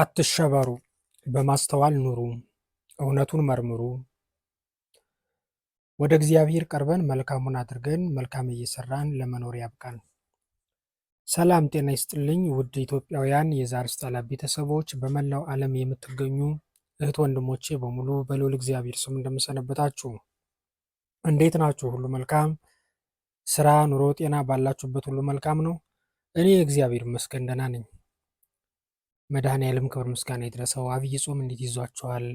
አትሸበሩ፣ በማስተዋል ኑሩ፣ እውነቱን መርምሩ። ወደ እግዚአብሔር ቀርበን መልካሙን አድርገን መልካም እየሰራን ለመኖር ያብቃን። ሰላም ጤና ይስጥልኝ ውድ ኢትዮጵያውያን የዛሪስ ጠለብ ቤተሰቦች፣ በመላው ዓለም የምትገኙ እህት ወንድሞቼ በሙሉ በልዑል እግዚአብሔር ስም እንደምሰነበታችሁ፣ እንዴት ናችሁ? ሁሉ መልካም ስራ፣ ኑሮ፣ ጤና ባላችሁበት ሁሉ መልካም ነው። እኔ እግዚአብሔር ይመስገን ደህና ነኝ። መድኃኔ ዓለም ክብር ምስጋና የደረሰው አብይ ጾም እንዴት ይዟችኋል?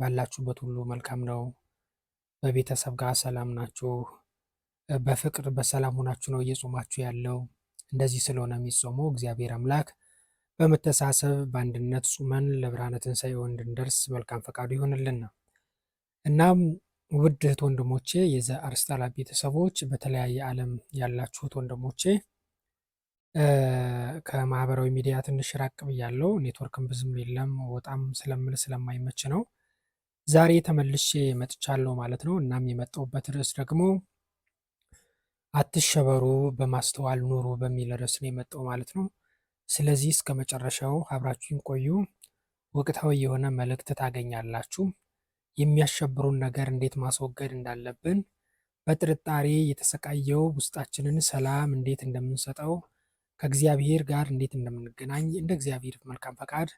ባላችሁበት ሁሉ መልካም ነው? በቤተሰብ ጋር ሰላም ናችሁ? በፍቅር በሰላም ሆናችሁ ነው እየጾማችሁ ያለው? እንደዚህ ስለሆነ የሚጾመው እግዚአብሔር አምላክ በመተሳሰብ በአንድነት ጹመን ለብርሃነ ትንሣኤው እንድንደርስ መልካም ፈቃዱ ይሆንልና። እናም ውድ እህት ወንድሞቼ የዘ አርስጣላ ቤተሰቦች፣ በተለያየ ዓለም ያላችሁት ወንድሞቼ ከማህበራዊ ሚዲያ ትንሽ ራቅ ብያለሁ። ኔትወርክም ብዙም የለም ወጣም ስለምል ስለማይመች ነው። ዛሬ ተመልሼ መጥቻለሁ ማለት ነው። እናም የመጣሁበት ርዕስ ደግሞ አትሸበሩ በማስተዋል ኑሩ በሚል ርዕስ ነው የመጣው ማለት ነው። ስለዚህ እስከ መጨረሻው አብራችሁን ቆዩ። ወቅታዊ የሆነ መልእክት ታገኛላችሁ። የሚያሸብሩን ነገር እንዴት ማስወገድ እንዳለብን፣ በጥርጣሬ የተሰቃየው ውስጣችንን ሰላም እንዴት እንደምንሰጠው ከእግዚአብሔር ጋር እንዴት እንደምንገናኝ እንደ እግዚአብሔር መልካም ፈቃድ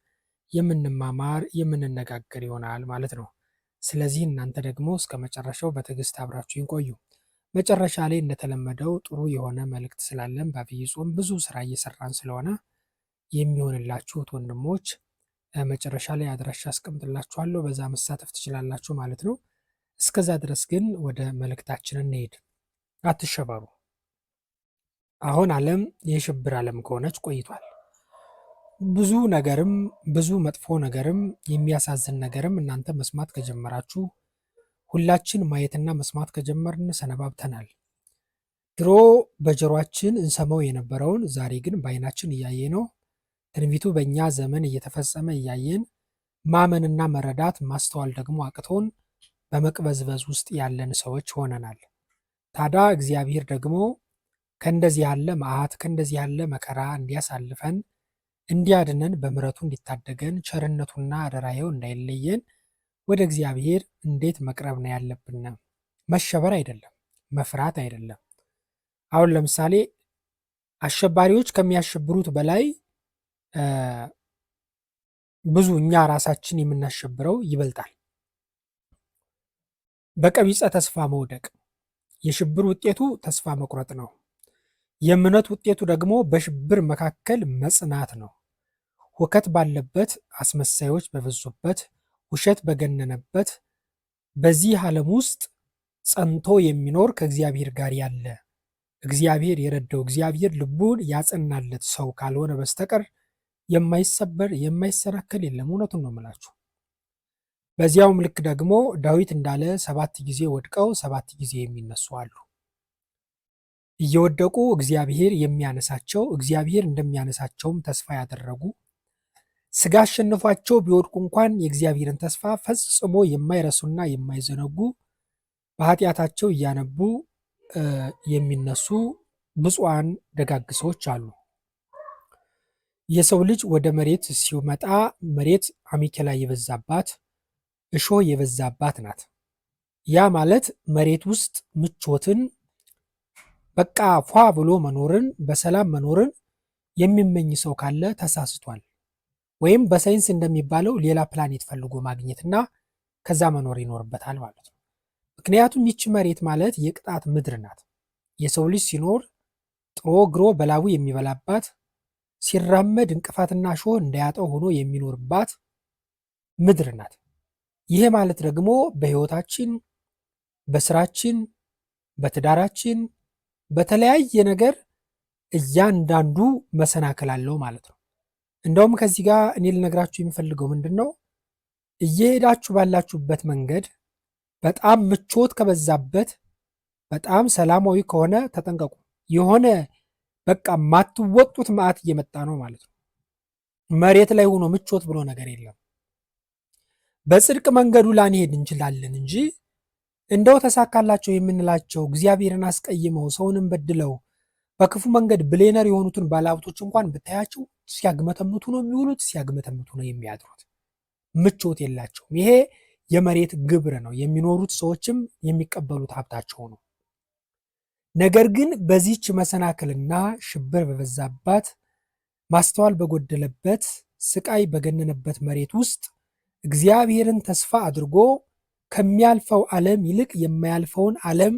የምንማማር የምንነጋገር ይሆናል ማለት ነው። ስለዚህ እናንተ ደግሞ እስከ መጨረሻው በትዕግስት አብራችሁ ቆዩ። መጨረሻ ላይ እንደተለመደው ጥሩ የሆነ መልእክት ስላለን በአብይ ጾም ብዙ ስራ እየሰራን ስለሆነ የሚሆንላችሁት ወንድሞች መጨረሻ ላይ አድራሻ አስቀምጥላችኋለሁ። በዛ መሳተፍ ትችላላችሁ ማለት ነው። እስከዛ ድረስ ግን ወደ መልእክታችን እንሄድ። አትሸበሩ። አሁን ዓለም የሽብር ዓለም ከሆነች ቆይቷል። ብዙ ነገርም ብዙ መጥፎ ነገርም የሚያሳዝን ነገርም እናንተ መስማት ከጀመራችሁ ሁላችን ማየትና መስማት ከጀመርን ሰነባብተናል። ድሮ በጆሯችን እንሰማው የነበረውን ዛሬ ግን በአይናችን እያየ ነው። ትንቢቱ በእኛ ዘመን እየተፈጸመ እያየን ማመንና መረዳት ማስተዋል ደግሞ አቅቶን በመቅበዝበዝ ውስጥ ያለን ሰዎች ሆነናል። ታዲያ እግዚአብሔር ደግሞ ከእንደዚህ ያለ መዓት ከእንደዚህ ያለ መከራ እንዲያሳልፈን እንዲያድነን በምረቱ እንዲታደገን ቸርነቱና አደራየው እንዳይለየን ወደ እግዚአብሔር እንዴት መቅረብ ነው ያለብን? መሸበር አይደለም፣ መፍራት አይደለም። አሁን ለምሳሌ አሸባሪዎች ከሚያሸብሩት በላይ ብዙ እኛ ራሳችን የምናሸብረው ይበልጣል። በቀቢፀ ተስፋ መውደቅ የሽብር ውጤቱ ተስፋ መቁረጥ ነው። የእምነት ውጤቱ ደግሞ በሽብር መካከል መጽናት ነው። ሁከት ባለበት፣ አስመሳዮች በበዙበት፣ ውሸት በገነነበት በዚህ ዓለም ውስጥ ጸንቶ የሚኖር ከእግዚአብሔር ጋር ያለ እግዚአብሔር የረዳው እግዚአብሔር ልቡን ያጸናለት ሰው ካልሆነ በስተቀር የማይሰበር የማይሰናከል የለም። እውነቱን ነው የምላችሁ። በዚያውም ልክ ደግሞ ዳዊት እንዳለ ሰባት ጊዜ ወድቀው ሰባት ጊዜ የሚነሱ አሉ። እየወደቁ እግዚአብሔር የሚያነሳቸው እግዚአብሔር እንደሚያነሳቸውም ተስፋ ያደረጉ ስጋ አሸንፏቸው ቢወድቁ እንኳን የእግዚአብሔርን ተስፋ ፈጽሞ የማይረሱና የማይዘነጉ በኃጢአታቸው እያነቡ የሚነሱ ብፁዓን ደጋግ ሰዎች አሉ። የሰው ልጅ ወደ መሬት ሲመጣ መሬት አሚኬላ የበዛባት እሾህ የበዛባት ናት። ያ ማለት መሬት ውስጥ ምቾትን በቃ ፏ ብሎ መኖርን በሰላም መኖርን የሚመኝ ሰው ካለ ተሳስቷል። ወይም በሳይንስ እንደሚባለው ሌላ ፕላኔት ፈልጎ ማግኘትና ከዛ መኖር ይኖርበታል ማለት ነው። ምክንያቱም ይቺ መሬት ማለት የቅጣት ምድር ናት። የሰው ልጅ ሲኖር ጥሮ ግሮ በላቡ የሚበላባት፣ ሲራመድ እንቅፋትና ሾህ እንዳያጠው ሆኖ የሚኖርባት ምድር ናት። ይሄ ማለት ደግሞ በህይወታችን፣ በስራችን፣ በትዳራችን በተለያየ ነገር እያንዳንዱ መሰናክል አለው ማለት ነው። እንደውም ከዚህ ጋር እኔ ልነግራችሁ የሚፈልገው ምንድን ነው፣ እየሄዳችሁ ባላችሁበት መንገድ በጣም ምቾት ከበዛበት፣ በጣም ሰላማዊ ከሆነ ተጠንቀቁ። የሆነ በቃ ማትወጡት መዓት እየመጣ ነው ማለት ነው። መሬት ላይ ሆኖ ምቾት ብሎ ነገር የለም። በጽድቅ መንገዱ ላንሄድ እንችላለን እንጂ እንደው ተሳካላቸው የምንላቸው እግዚአብሔርን አስቀይመው ሰውንም በድለው በክፉ መንገድ ብሌነር የሆኑትን ባለሀብቶች እንኳን ብታያቸው ሲያግመተምቱ ነው የሚውሉት፣ ሲያግመተምቱ ነው የሚያድሩት። ምቾት የላቸውም። ይሄ የመሬት ግብር ነው። የሚኖሩት ሰዎችም የሚቀበሉት ሀብታቸው ነው። ነገር ግን በዚች መሰናክልና ሽብር በበዛባት ማስተዋል በጎደለበት ስቃይ በገነነበት መሬት ውስጥ እግዚአብሔርን ተስፋ አድርጎ ከሚያልፈው ዓለም ይልቅ የማያልፈውን ዓለም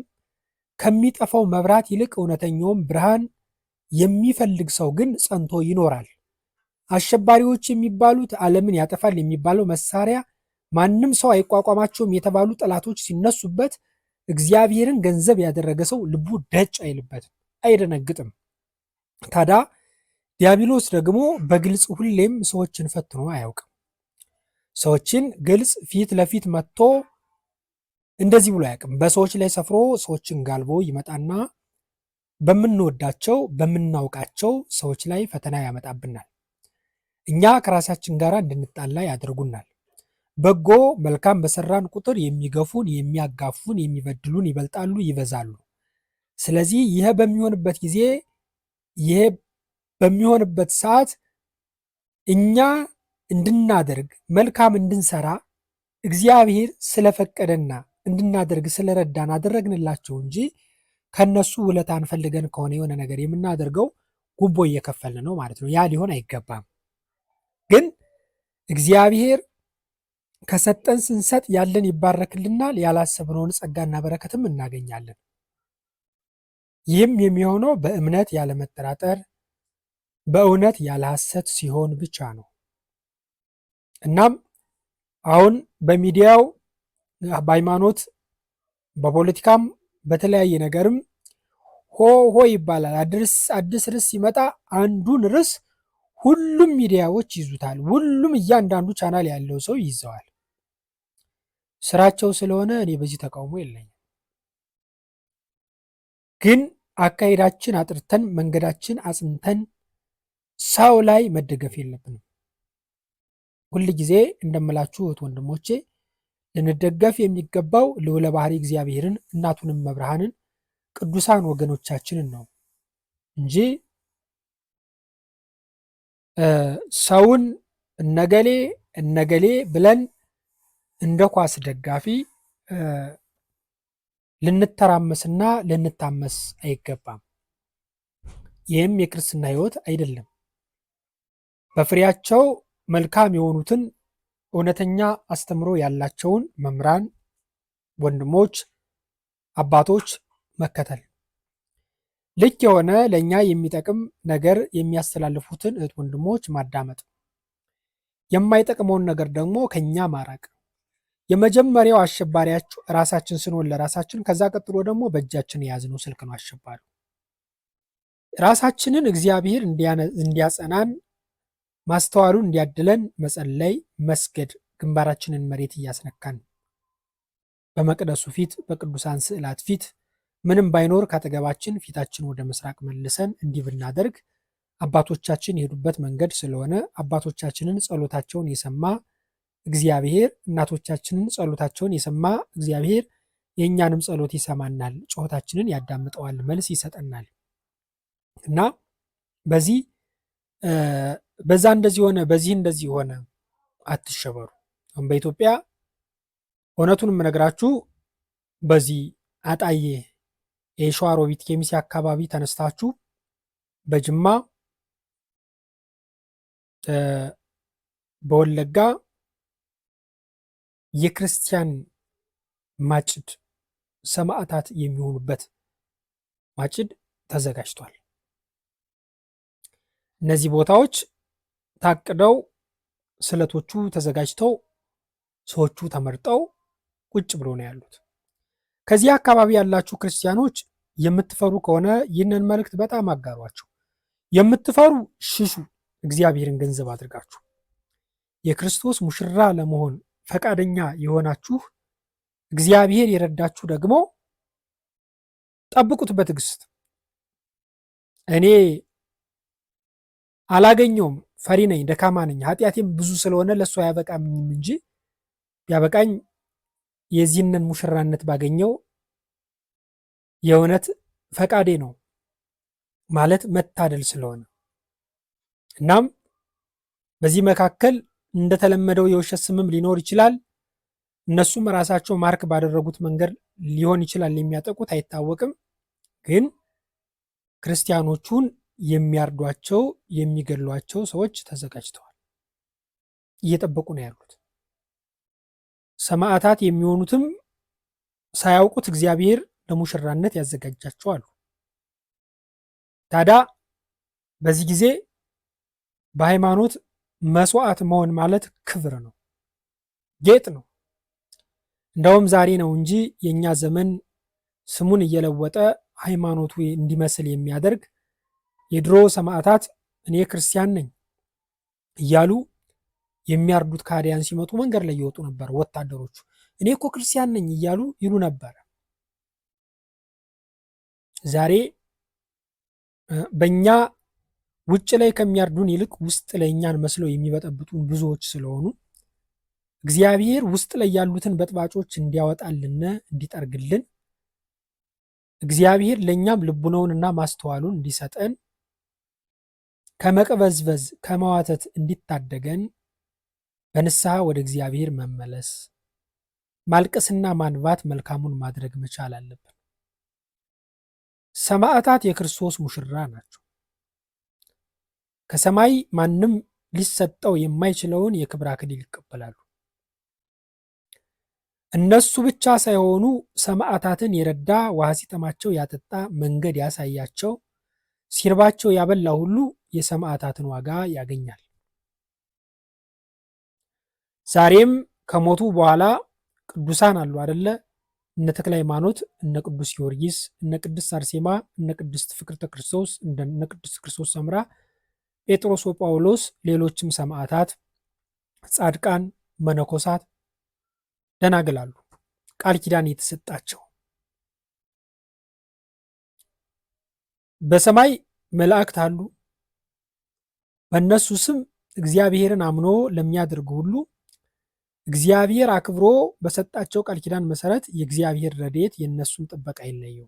ከሚጠፋው መብራት ይልቅ እውነተኛውም ብርሃን የሚፈልግ ሰው ግን ጸንቶ ይኖራል። አሸባሪዎች የሚባሉት ዓለምን ያጠፋል የሚባለው መሳሪያ ማንም ሰው አይቋቋማቸውም የተባሉ ጠላቶች ሲነሱበት እግዚአብሔርን ገንዘብ ያደረገ ሰው ልቡ ደጭ አይልበትም፣ አይደነግጥም። ታዲያ ዲያብሎስ ደግሞ በግልጽ ሁሌም ሰዎችን ፈትኖ አያውቅም። ሰዎችን ግልጽ ፊት ለፊት መጥቶ እንደዚህ ብሎ አያውቅም። በሰዎች ላይ ሰፍሮ ሰዎችን ጋልቦ ይመጣና በምንወዳቸው በምናውቃቸው ሰዎች ላይ ፈተና ያመጣብናል። እኛ ከራሳችን ጋር እንድንጣላ ያደርጉናል። በጎ መልካም በሰራን ቁጥር የሚገፉን፣ የሚያጋፉን፣ የሚበድሉን ይበልጣሉ፣ ይበዛሉ። ስለዚህ ይሄ በሚሆንበት ጊዜ ይሄ በሚሆንበት ሰዓት እኛ እንድናደርግ መልካም እንድንሰራ እግዚአብሔር ስለፈቀደና እንድናደርግ ስለረዳን አደረግንላቸው እንጂ ከነሱ ውለታን ፈልገን ከሆነ የሆነ ነገር የምናደርገው ጉቦ እየከፈልን ነው ማለት ነው። ያ ሊሆን አይገባም። ግን እግዚአብሔር ከሰጠን ስንሰጥ ያለን ይባረክልናል። ያላሰብነውን ጸጋና በረከትም እናገኛለን። ይህም የሚሆነው በእምነት ያለመጠራጠር፣ በእውነት ያለሐሰት ሲሆን ብቻ ነው። እናም አሁን በሚዲያው በሃይማኖት በፖለቲካም በተለያየ ነገርም ሆ ሆ ይባላል። አዲስ ርዕስ ሲመጣ አንዱን ርዕስ ሁሉም ሚዲያዎች ይዙታል። ሁሉም እያንዳንዱ ቻናል ያለው ሰው ይዘዋል። ስራቸው ስለሆነ እኔ በዚህ ተቃውሞ የለኝም። ግን አካሄዳችን አጥርተን መንገዳችን አጽንተን ሰው ላይ መደገፍ የለብንም። ሁል ጊዜ እንደምላችሁ እህት ወንድሞቼ ልንደገፍ የሚገባው ልዑለ ባሕሪ እግዚአብሔርን እናቱንም መብርሃንን ቅዱሳን ወገኖቻችንን ነው እንጂ ሰውን እነገሌ እነገሌ ብለን እንደ ኳስ ደጋፊ ልንተራመስና ልንታመስ አይገባም። ይህም የክርስትና ሕይወት አይደለም። በፍሬያቸው መልካም የሆኑትን እውነተኛ አስተምሮ ያላቸውን መምህራን፣ ወንድሞች፣ አባቶች መከተል ልክ የሆነ ለእኛ የሚጠቅም ነገር የሚያስተላልፉትን እህት ወንድሞች ማዳመጥ፣ የማይጠቅመውን ነገር ደግሞ ከኛ ማራቅ። የመጀመሪያው አሸባሪያችሁ ራሳችን ስንሆን ለራሳችን፣ ከዛ ቀጥሎ ደግሞ በእጃችን የያዝነው ስልክ ነው አሸባሪው። ራሳችንን እግዚአብሔር እንዲያጸናን ማስተዋሉን እንዲያድለን መጸለይ፣ መስገድ ግንባራችንን መሬት እያስነካን በመቅደሱ ፊት በቅዱሳን ስዕላት ፊት ምንም ባይኖር ካጠገባችን ፊታችን ወደ ምስራቅ መልሰን እንዲህ ብናደርግ አባቶቻችን የሄዱበት መንገድ ስለሆነ አባቶቻችንን ጸሎታቸውን የሰማ እግዚአብሔር እናቶቻችንን ጸሎታቸውን የሰማ እግዚአብሔር የእኛንም ጸሎት ይሰማናል፣ ጩኸታችንን ያዳምጠዋል፣ መልስ ይሰጠናል እና በዚህ በዛ እንደዚህ ሆነ፣ በዚህ እንደዚህ ሆነ፣ አትሸበሩ። አሁን በኢትዮጵያ እውነቱን የምነግራችሁ በዚህ አጣዬ የሸዋሮቢት ኬሚሴ አካባቢ ተነስታችሁ በጅማ በወለጋ የክርስቲያን ማጭድ ሰማዕታት የሚሆኑበት ማጭድ ተዘጋጅቷል። እነዚህ ቦታዎች ታቅደው ስለቶቹ ተዘጋጅተው ሰዎቹ ተመርጠው ቁጭ ብሎ ነው ያሉት። ከዚህ አካባቢ ያላችሁ ክርስቲያኖች የምትፈሩ ከሆነ ይህንን መልእክት በጣም አጋሯችሁ። የምትፈሩ ሽሹ፣ እግዚአብሔርን ገንዘብ አድርጋችሁ የክርስቶስ ሙሽራ ለመሆን ፈቃደኛ የሆናችሁ እግዚአብሔር የረዳችሁ ደግሞ ጠብቁት በትዕግስት እኔ አላገኘውም። ፈሪ ነኝ፣ ደካማ ነኝ፣ ኃጢአቴም ብዙ ስለሆነ ለእሱ አያበቃምኝም እንጂ ቢያበቃኝ የዚህንን ሙሽራነት ባገኘው የእውነት ፈቃዴ ነው ማለት መታደል ስለሆነ እናም በዚህ መካከል እንደተለመደው የውሸት ስምም ሊኖር ይችላል። እነሱም ራሳቸው ማርክ ባደረጉት መንገድ ሊሆን ይችላል የሚያጠቁት አይታወቅም። ግን ክርስቲያኖቹን የሚያርዷቸው የሚገሏቸው ሰዎች ተዘጋጅተዋል፣ እየጠበቁ ነው ያሉት። ሰማዕታት የሚሆኑትም ሳያውቁት እግዚአብሔር ለሙሽራነት ያዘጋጃቸው አሉ። ታዲያ በዚህ ጊዜ በሃይማኖት መስዋዕት መሆን ማለት ክብር ነው፣ ጌጥ ነው። እንደውም ዛሬ ነው እንጂ የእኛ ዘመን ስሙን እየለወጠ ሃይማኖቱ እንዲመስል የሚያደርግ የድሮ ሰማዕታት እኔ ክርስቲያን ነኝ እያሉ የሚያርዱት ካዲያን ሲመጡ መንገድ ላይ ይወጡ ነበር። ወታደሮቹ እኔ እኮ ክርስቲያን ነኝ እያሉ ይሉ ነበር። ዛሬ በእኛ ውጭ ላይ ከሚያርዱን ይልቅ ውስጥ ላይ እኛን መስለው የሚበጠብጡን ብዙዎች ስለሆኑ እግዚአብሔር ውስጥ ላይ ያሉትን በጥባጮች እንዲያወጣልን እንዲጠርግልን እግዚአብሔር ለእኛም ልቡነውንና ማስተዋሉን እንዲሰጠን ከመቅበዝበዝ ከመዋተት እንዲታደገን በንስሐ ወደ እግዚአብሔር መመለስ፣ ማልቀስና ማንባት መልካሙን ማድረግ መቻል አለብን። ሰማዕታት የክርስቶስ ሙሽራ ናቸው። ከሰማይ ማንም ሊሰጠው የማይችለውን የክብር አክሊል ይቀበላሉ። እነሱ ብቻ ሳይሆኑ ሰማዕታትን የረዳ ውሃ ሲጠማቸው ያጠጣ፣ መንገድ ያሳያቸው፣ ሲርባቸው ያበላ ሁሉ የሰማዕታትን ዋጋ ያገኛል። ዛሬም ከሞቱ በኋላ ቅዱሳን አሉ አደለ? እነ ተክለ ሃይማኖት፣ እነ ቅዱስ ጊዮርጊስ፣ እነ ቅድስት አርሴማ፣ እነ ቅድስት ፍቅርተ ክርስቶስ፣ እነ ቅድስት ክርስቶስ ሰምራ፣ ጴጥሮስ ወጳውሎስ፣ ሌሎችም ሰማዕታት፣ ጻድቃን፣ መነኮሳት፣ ደናግል አሉ ቃል ኪዳን የተሰጣቸው በሰማይ መላእክት አሉ። በእነሱ ስም እግዚአብሔርን አምኖ ለሚያደርግ ሁሉ እግዚአብሔር አክብሮ በሰጣቸው ቃል ኪዳን መሰረት የእግዚአብሔር ረድኤት የእነሱም ጥበቃ አይለየው።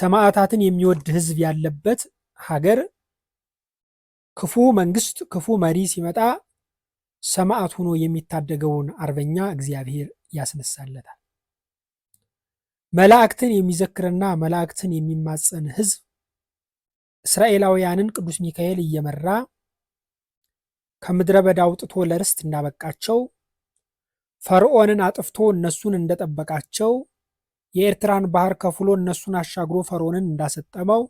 ሰማዕታትን የሚወድ ሕዝብ ያለበት ሀገር ክፉ መንግስት፣ ክፉ መሪ ሲመጣ ሰማዕት ሆኖ የሚታደገውን አርበኛ እግዚአብሔር ያስነሳለታል። መላእክትን የሚዘክርና መላእክትን የሚማፀን ሕዝብ እስራኤላውያንን ቅዱስ ሚካኤል እየመራ ከምድረ በዳ አውጥቶ ለርስት እንዳበቃቸው ፈርዖንን አጥፍቶ እነሱን እንደጠበቃቸው የኤርትራን ባህር ከፍሎ እነሱን አሻግሮ ፈርዖንን እንዳሰጠመው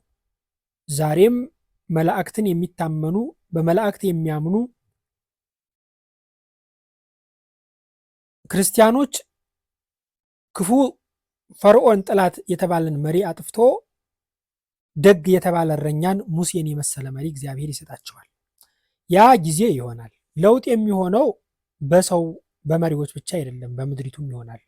ዛሬም መላእክትን የሚታመኑ በመላእክት የሚያምኑ ክርስቲያኖች ክፉ ፈርዖን ጠላት የተባለን መሪ አጥፍቶ ደግ የተባለ እረኛን ሙሴን የመሰለ መሪ እግዚአብሔር ይሰጣቸዋል። ያ ጊዜ ይሆናል። ለውጥ የሚሆነው በሰው በመሪዎች ብቻ አይደለም፣ በምድሪቱም ይሆናል።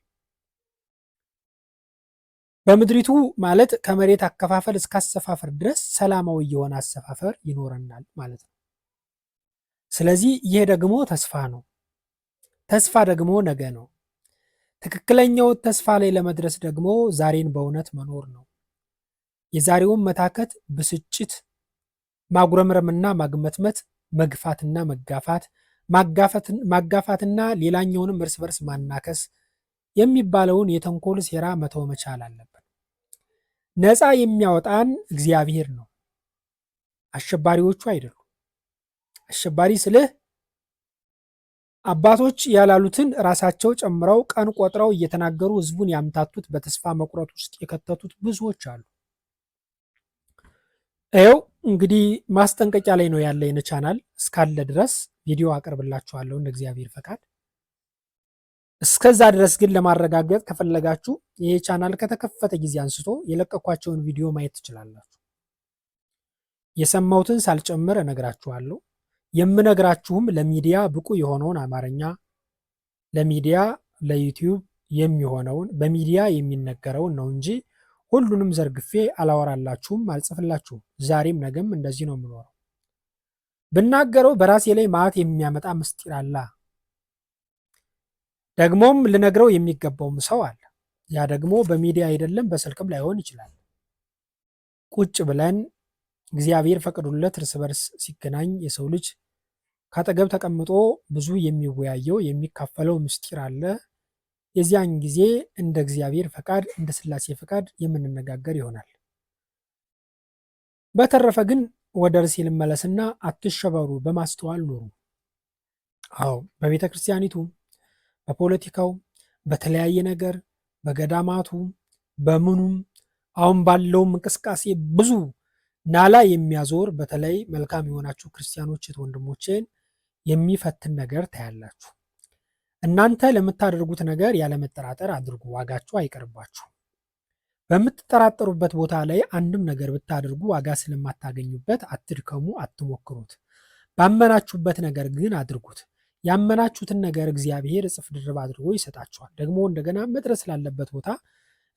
በምድሪቱ ማለት ከመሬት አከፋፈል እስከ አሰፋፈር ድረስ ሰላማዊ የሆነ አሰፋፈር ይኖረናል ማለት ነው። ስለዚህ ይሄ ደግሞ ተስፋ ነው። ተስፋ ደግሞ ነገ ነው። ትክክለኛው ተስፋ ላይ ለመድረስ ደግሞ ዛሬን በእውነት መኖር ነው። የዛሬውን መታከት ብስጭት፣ ማጉረምረምና ማግመትመት፣ መግፋትና መጋፋት፣ ማጋፋትና ሌላኛውንም እርስ በርስ ማናከስ የሚባለውን የተንኮል ሴራ መተው መቻል አለብን። ነፃ የሚያወጣን እግዚአብሔር ነው፣ አሸባሪዎቹ አይደሉም። አሸባሪ ስልህ አባቶች ያላሉትን ራሳቸው ጨምረው ቀን ቆጥረው እየተናገሩ ህዝቡን ያምታቱት በተስፋ መቁረጥ ውስጥ የከተቱት ብዙዎች አሉ። ይኸው እንግዲህ ማስጠንቀቂያ ላይ ነው ያለ የነ ቻናል እስካለ ድረስ ቪዲዮ አቀርብላችኋለሁ እንደ እግዚአብሔር ፈቃድ። እስከዛ ድረስ ግን ለማረጋገጥ ከፈለጋችሁ ይሄ ቻናል ከተከፈተ ጊዜ አንስቶ የለቀኳቸውን ቪዲዮ ማየት ትችላላችሁ። የሰማሁትን ሳልጨምር እነግራችኋለሁ። የምነግራችሁም ለሚዲያ ብቁ የሆነውን አማርኛ ለሚዲያ ለዩቲዩብ የሚሆነውን በሚዲያ የሚነገረውን ነው እንጂ ሁሉንም ዘርግፌ አላወራላችሁም፣ አልጽፍላችሁም። ዛሬም ነገም እንደዚህ ነው የምኖረው። ብናገረው በራሴ ላይ መዓት የሚያመጣ ምስጢር አለ። ደግሞም ልነግረው የሚገባውም ሰው አለ። ያ ደግሞ በሚዲያ አይደለም፣ በስልክም ላይሆን ይችላል። ቁጭ ብለን እግዚአብሔር ፈቅዶለት እርስ በርስ ሲገናኝ የሰው ልጅ ካጠገብ ተቀምጦ ብዙ የሚወያየው የሚካፈለው ምስጢር አለ። የዚያን ጊዜ እንደ እግዚአብሔር ፈቃድ እንደ ስላሴ ፈቃድ የምንነጋገር ይሆናል። በተረፈ ግን ወደ ርዕሴ ልመለስና አትሸበሩ፣ በማስተዋል ኑሩ። አዎ በቤተ ክርስቲያኒቱ፣ በፖለቲካው፣ በተለያየ ነገር፣ በገዳማቱ፣ በምኑም አሁን ባለውም እንቅስቃሴ ብዙ ናላ የሚያዞር በተለይ መልካም የሆናችሁ ክርስቲያኖች ወንድሞቼን የሚፈትን ነገር ታያላችሁ። እናንተ ለምታደርጉት ነገር ያለመጠራጠር አድርጉ፣ ዋጋችሁ አይቀርባችሁ። በምትጠራጠሩበት ቦታ ላይ አንድም ነገር ብታደርጉ ዋጋ ስለማታገኙበት አትድከሙ፣ አትሞክሩት። ባመናችሁበት ነገር ግን አድርጉት። ያመናችሁትን ነገር እግዚአብሔር እጥፍ ድርብ አድርጎ ይሰጣችኋል። ደግሞ እንደገና መድረስ ስላለበት ቦታ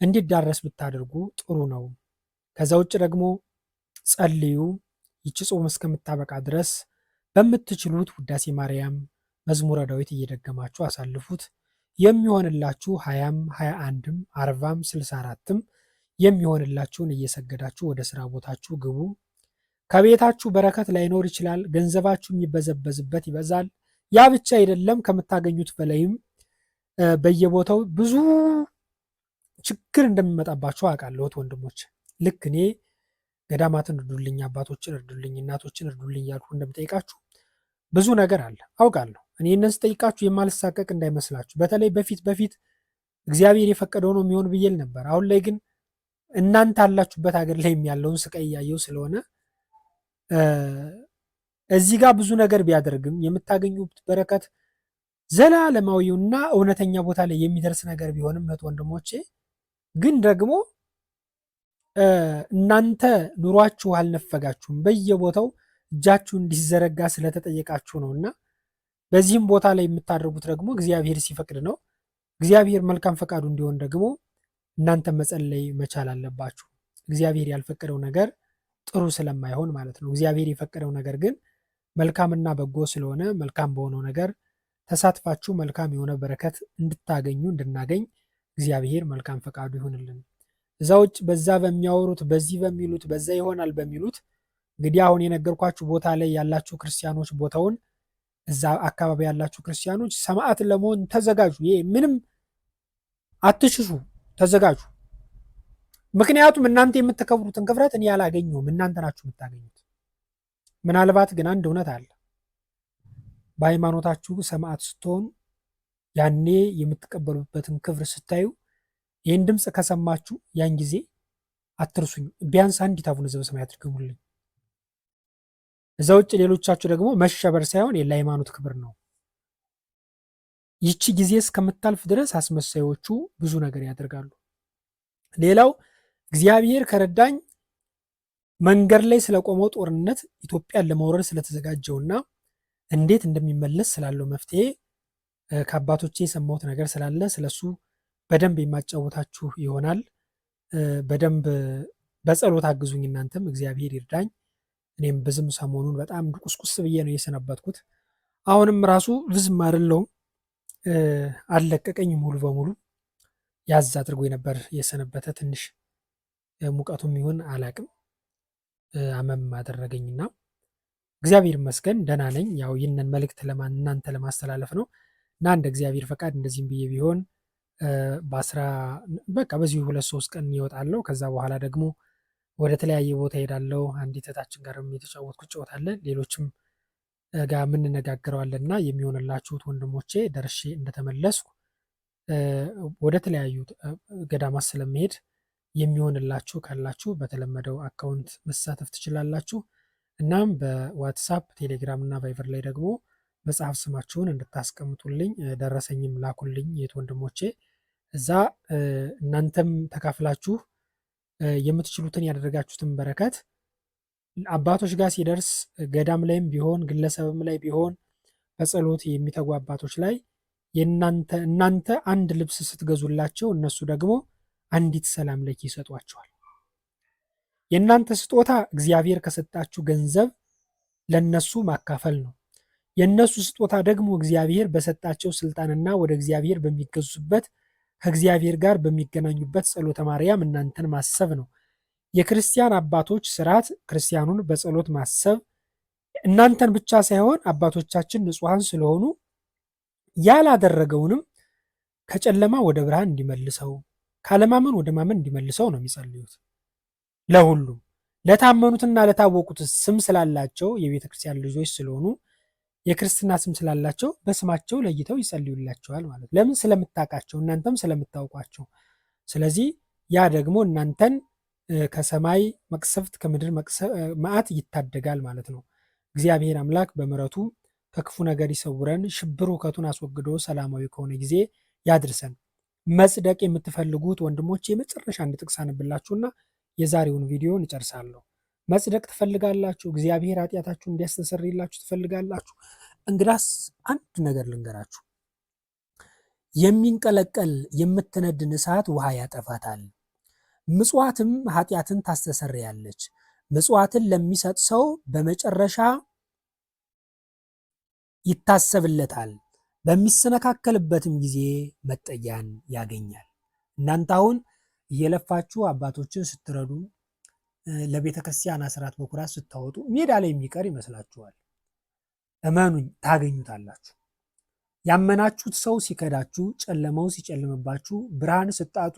እንዲዳረስ ብታደርጉ ጥሩ ነው። ከዛ ውጭ ደግሞ ጸልዩ። ይቺ ጾም እስከምታበቃ ድረስ በምትችሉት ውዳሴ ማርያም መዝሙረ ዳዊት እየደገማችሁ አሳልፉት። የሚሆንላችሁ ሀያም ሀያ አንድም አርባም ስልሳ አራትም የሚሆንላችሁን እየሰገዳችሁ ወደ ስራ ቦታችሁ ግቡ። ከቤታችሁ በረከት ላይኖር ይችላል። ገንዘባችሁ የሚበዘበዝበት ይበዛል። ያ ብቻ አይደለም፣ ከምታገኙት በላይም በየቦታው ብዙ ችግር እንደሚመጣባችሁ አውቃለሁት ወንድሞች። ልክ እኔ ገዳማትን እርዱልኝ፣ አባቶችን እርዱልኝ፣ እናቶችን እርዱልኝ ያልኩ እንደምጠይቃችሁ ብዙ ነገር አለ አውቃለሁ። እኔ እነሱ ጠይቃችሁ የማልሳቀቅ እንዳይመስላችሁ። በተለይ በፊት በፊት እግዚአብሔር የፈቀደው ነው የሚሆን ብዬል ነበር። አሁን ላይ ግን እናንተ አላችሁበት ሀገር ላይም ያለውን ስቃይ እያየው ስለሆነ እዚህ ጋር ብዙ ነገር ቢያደርግም የምታገኙት በረከት እና እውነተኛ ቦታ ላይ የሚደርስ ነገር ቢሆንም እህት ወንድሞቼ፣ ግን ደግሞ እናንተ ኑሯችሁ አልነፈጋችሁም። በየቦታው እጃችሁ እንዲዘረጋ ስለተጠየቃችሁ ነውና በዚህም ቦታ ላይ የምታደርጉት ደግሞ እግዚአብሔር ሲፈቅድ ነው። እግዚአብሔር መልካም ፈቃዱ እንዲሆን ደግሞ እናንተ መጸለይ መቻል አለባችሁ። እግዚአብሔር ያልፈቀደው ነገር ጥሩ ስለማይሆን ማለት ነው። እግዚአብሔር የፈቀደው ነገር ግን መልካምና በጎ ስለሆነ መልካም በሆነው ነገር ተሳትፋችሁ መልካም የሆነ በረከት እንድታገኙ እንድናገኝ እግዚአብሔር መልካም ፈቃዱ ይሁንልን። እዛ ውጭ በዛ በሚያወሩት በዚህ በሚሉት በዛ ይሆናል በሚሉት እንግዲህ አሁን የነገርኳችሁ ቦታ ላይ ያላችሁ ክርስቲያኖች ቦታውን እዛ አካባቢ ያላችሁ ክርስቲያኖች ሰማዕት ለመሆን ተዘጋጁ። ይሄ ምንም አትሽሹ፣ ተዘጋጁ። ምክንያቱም እናንተ የምትከብሩትን ክብረት እኔ አላገኘሁም፣ እናንተ ናችሁ የምታገኙት። ምናልባት ግን አንድ እውነት አለ። በሃይማኖታችሁ ሰማዕት ስትሆኑ ያኔ የምትቀበሉበትን ክብር ስታዩ ይህን ድምፅ ከሰማችሁ ያን ጊዜ አትርሱኝ፣ ቢያንስ አንዲት አቡነ ዘበሰማያት አድርገሙልኝ እዛ ውጭ ሌሎቻችሁ ደግሞ መሸበር ሳይሆን የለ ሃይማኖት ክብር ነው። ይቺ ጊዜ እስከምታልፍ ድረስ አስመሳዮቹ ብዙ ነገር ያደርጋሉ። ሌላው እግዚአብሔር ከረዳኝ መንገድ ላይ ስለቆመው ጦርነት ኢትዮጵያን ለመውረድ ስለተዘጋጀውና እንዴት እንደሚመለስ ስላለው መፍትሄ ከአባቶቼ የሰማሁት ነገር ስላለ ስለሱ በደንብ የማጫወታችሁ ይሆናል። በደንብ በጸሎት አግዙኝ። እናንተም እግዚአብሔር ይርዳኝ። እኔም ብዝም ሰሞኑን በጣም ቁስቁስ ብዬ ነው የሰነበትኩት። አሁንም ራሱ ብዝም አይደለውም አለቀቀኝ ሙሉ በሙሉ ያዝ አድርጎ የነበር የሰነበተ። ትንሽ ሙቀቱም ይሁን አላቅም አመም አደረገኝና እግዚአብሔር ይመስገን ደህና ነኝ። ያው ይህንን መልእክት እናንተ ለማስተላለፍ ነው እና እንደ እግዚአብሔር ፈቃድ እንደዚህም ብዬ ቢሆን በአስራ በቃ በዚሁ ሁለት ሶስት ቀን ይወጣለው። ከዛ በኋላ ደግሞ ወደ ተለያየ ቦታ ሄዳለው። አንዲት እህታችን ጋር የተጫወትኩ ጨዋታ አለ። ሌሎችም ጋር የምንነጋግረዋለን እና የሚሆንላችሁት ወንድሞቼ ደርሼ እንደተመለስኩ ወደ ተለያዩ ገዳማት ስለመሄድ የሚሆንላችሁ ካላችሁ በተለመደው አካውንት መሳተፍ ትችላላችሁ። እናም በዋትሳፕ ቴሌግራም እና ቫይቨር ላይ ደግሞ መጽሐፍ ስማችሁን እንድታስቀምጡልኝ ደረሰኝም ላኩልኝ የት ወንድሞቼ እዛ እናንተም ተካፍላችሁ የምትችሉትን ያደረጋችሁትን በረከት አባቶች ጋር ሲደርስ ገዳም ላይም ቢሆን ግለሰብም ላይ ቢሆን በጸሎት የሚተጉ አባቶች ላይ የእናንተ እናንተ አንድ ልብስ ስትገዙላቸው እነሱ ደግሞ አንዲት ሰላም ለኪ ይሰጧቸዋል። የእናንተ ስጦታ እግዚአብሔር ከሰጣችሁ ገንዘብ ለነሱ ማካፈል ነው። የእነሱ ስጦታ ደግሞ እግዚአብሔር በሰጣቸው ስልጣንና ወደ እግዚአብሔር በሚገዙበት ከእግዚአብሔር ጋር በሚገናኙበት ጸሎተ ማርያም እናንተን ማሰብ ነው። የክርስቲያን አባቶች ስርዓት ክርስቲያኑን በጸሎት ማሰብ እናንተን ብቻ ሳይሆን አባቶቻችን ንጹሐን ስለሆኑ ያላደረገውንም ከጨለማ ወደ ብርሃን እንዲመልሰው ካለማመን ወደ ማመን እንዲመልሰው ነው የሚጸልዩት። ለሁሉም ለታመኑትና ለታወቁት ስም ስላላቸው የቤተ ክርስቲያን ልጆች ስለሆኑ የክርስትና ስም ስላላቸው በስማቸው ለይተው ይጸልዩላቸዋል ማለት ለምን ስለምታውቃቸው እናንተም ስለምታውቋቸው ስለዚህ ያ ደግሞ እናንተን ከሰማይ መቅሰፍት ከምድር መዓት ይታደጋል ማለት ነው እግዚአብሔር አምላክ በምሕረቱ ከክፉ ነገር ይሰውረን ሽብር ውከቱን አስወግዶ ሰላማዊ ከሆነ ጊዜ ያድርሰን መጽደቅ የምትፈልጉት ወንድሞች የመጨረሻ አንድ አንብላችሁና የዛሬውን ቪዲዮ እንጨርሳለሁ መጽደቅ ትፈልጋላችሁ? እግዚአብሔር ኃጢአታችሁ እንዲያስተሰርይላችሁ ትፈልጋላችሁ? እንግዳስ አንድ ነገር ልንገራችሁ፣ የሚንቀለቀል የምትነድን እሳት ውሃ ያጠፋታል፣ ምጽዋትም ኃጢአትን ታስተሰርያለች። ምጽዋትን ለሚሰጥ ሰው በመጨረሻ ይታሰብለታል፣ በሚሰነካከልበትም ጊዜ መጠጊያን ያገኛል። እናንተ አሁን እየለፋችሁ አባቶችን ስትረዱ ለቤተ ክርስቲያን አስራት በኩራት ስታወጡ ሜዳ ላይ የሚቀር ይመስላችኋል። እመኑኝ ታገኙታላችሁ። ያመናችሁት ሰው ሲከዳችሁ፣ ጨለማው ሲጨልምባችሁ፣ ብርሃን ስጣቱ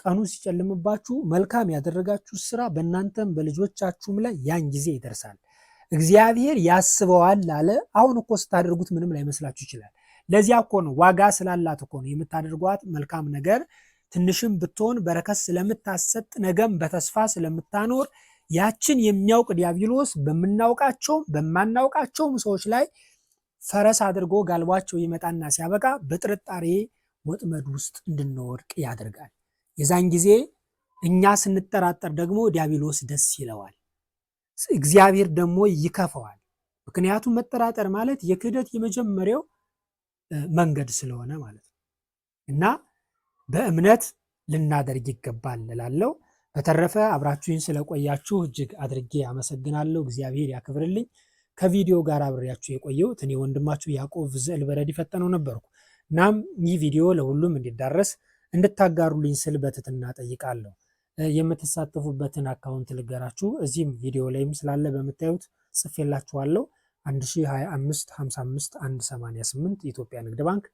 ቀኑ ሲጨልምባችሁ መልካም ያደረጋችሁ ስራ በእናንተም በልጆቻችሁም ላይ ያን ጊዜ ይደርሳል፣ እግዚአብሔር ያስበዋል ላለ አሁን እኮ ስታደርጉት ምንም ላይመስላችሁ ይችላል። ለዚያ እኮ ነው ዋጋ ስላላት እኮ ነው የምታደርጓት መልካም ነገር ትንሽም ብትሆን በረከት ስለምታሰጥ ነገም በተስፋ ስለምታኖር ያችን የሚያውቅ ዲያብሎስ በምናውቃቸውም በማናውቃቸውም ሰዎች ላይ ፈረስ አድርጎ ጋልቧቸው ይመጣና ሲያበቃ በጥርጣሬ ወጥመድ ውስጥ እንድንወድቅ ያደርጋል። የዛን ጊዜ እኛ ስንጠራጠር ደግሞ ዲያብሎስ ደስ ይለዋል፣ እግዚአብሔር ደግሞ ይከፈዋል። ምክንያቱም መጠራጠር ማለት የክህደት የመጀመሪያው መንገድ ስለሆነ ማለት ነው እና በእምነት ልናደርግ ይገባል እላለሁ። በተረፈ አብራችሁኝ ስለቆያችሁ እጅግ አድርጌ አመሰግናለሁ። እግዚአብሔር ያክብርልኝ። ከቪዲዮ ጋር አብሬያችሁ የቆየሁት እኔ ወንድማችሁ ያዕቆብ በረድ ፈጠነው ነበርኩ። እናም ይህ ቪዲዮ ለሁሉም እንዲዳረስ እንድታጋሩልኝ ስል በትትና ጠይቃለሁ። የምትሳተፉበትን አካውንት ልገራችሁ። እዚህም ቪዲዮ ላይም ስላለ በምታዩት ጽፌላችኋለሁ። 1255518 188 ኢትዮጵያ ንግድ ባንክ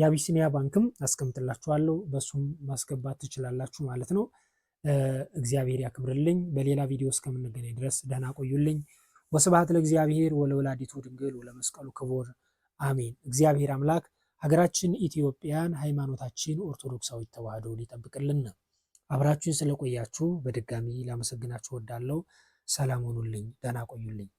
የአቢሲኒያ ባንክም አስቀምጥላችኋለሁ በሱም ማስገባት ትችላላችሁ ማለት ነው። እግዚአብሔር ያክብርልኝ። በሌላ ቪዲዮ እስከምንገናኝ ድረስ ደህና ቆዩልኝ። ወስብሐት ለእግዚአብሔር ወለወላዲቱ ድንግል ወለመስቀሉ ክቡር አሜን። እግዚአብሔር አምላክ ሀገራችን ኢትዮጵያን ሃይማኖታችን ኦርቶዶክሳዊ ተዋህዶ ሊጠብቅልን ነው። አብራችሁን ስለቆያችሁ በድጋሚ ላመሰግናችሁ ወዳለው። ሰላም ሁኑልኝ። ደህና ቆዩልኝ።